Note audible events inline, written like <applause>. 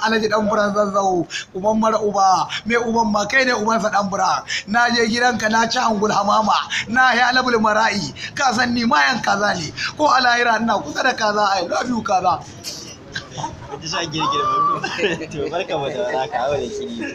Ana dan buran zazzau uban mara uba mai uban ma kai ne ubansa dan bura na je gidanka na ci angul hamama na yi alabul mara'i ka san ni mayan kaza ne ko alahira ina kusa da kaza ai love you kaza. <laughs>